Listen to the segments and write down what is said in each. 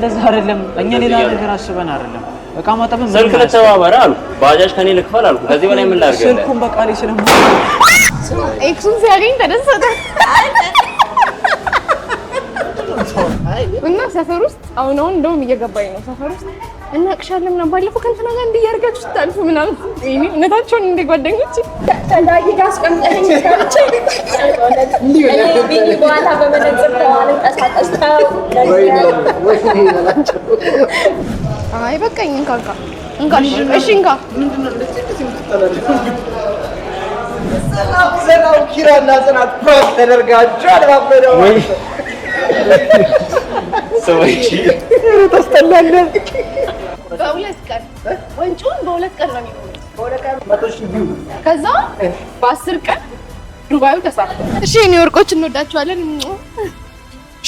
እንደዛ አይደለም። እኛ ሌላ ነገር አስበን አይደለም። በቃ ማጠብም ስልክ ለተባበረ አሉ። ባጃጅ ከኔ ልክፈል አልኩ። ከዚህ በላይ ምን ላድርግ? ስልኩን በቃ ላይ ስለማ ኤክሱን ሲያገኝ ተደሰተ። እና ሰፈር ውስጥ አሁን አሁን እንደውም እየገባኝ ነው። ሰፈር ውስጥ እናቅሻለን ምናምን ባለፈው ከእንትና ጋር እንዲህ እያደረጋችሁ ስታልፉ ምናምን ይሄኔ እውነታቸውን እንደ ጓደኞች ተዳጊ ጋር አስቀምጠኝ በኋላ በመነት አይ በቃኝ። እንካ እንካ እንካ፣ እሺ እንካ። ኪራና ጽናት ፕራንክ ተደርጋችኋል። ታስጠላለህ። በሁለት ቀን ወንጩን በሁለት ቀን ነው የሚሆነው። ከዛ በአስር ቀን ዱባዩ ተሳካ። እሺ የኔ ወርቆች እንወዳቸዋለን።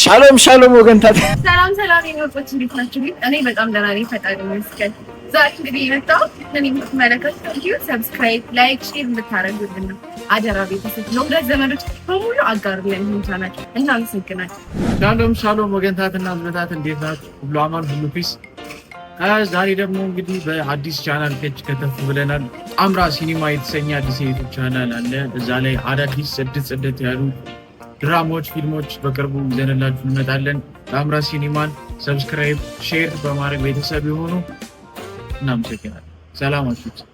ሻሎም ሻሎም ወገን ሰላም ሰላም የምወጣች እንዴት ናችሁ? እኔ በጣም ደህና ነኝ፣ ፈጣሪ ይመስገን። ዛሬ እንግዲህ የመጣሁት እኔ የምትመለከቱት ቪዲዮ ሰብስክራይብ፣ ላይክ፣ ሼር እንድታደርጉልን ነው አደራ። ቤተሰብ ለሁለት ዘመዶች በሙሉ አጋሩልን። ይሁንታናል እና አመሰግናለሁ። ሻሎም ሻሎም ወገን ታትና ምነታት እንዴት ናችሁ? ሁሉ አማን ሁሉ ፒስ። ዛሬ ደግሞ እንግዲህ በአዲስ ቻናል ከች ከተፍ ብለናል። አምራ ሲኒማ የተሰኘ አዲስ የዩቱብ ቻናል አለ። እዛ ላይ አዳዲስ ጽድት ጽድት ያሉ ድራማዎች፣ ፊልሞች በቅርቡ ይዘንላችሁ እንመጣለን። ጣምራ ሲኒማን ሰብስክራይብ፣ ሼር በማድረግ ቤተሰብ የሆኑ እናመሰግናለን። ሰላማችሁ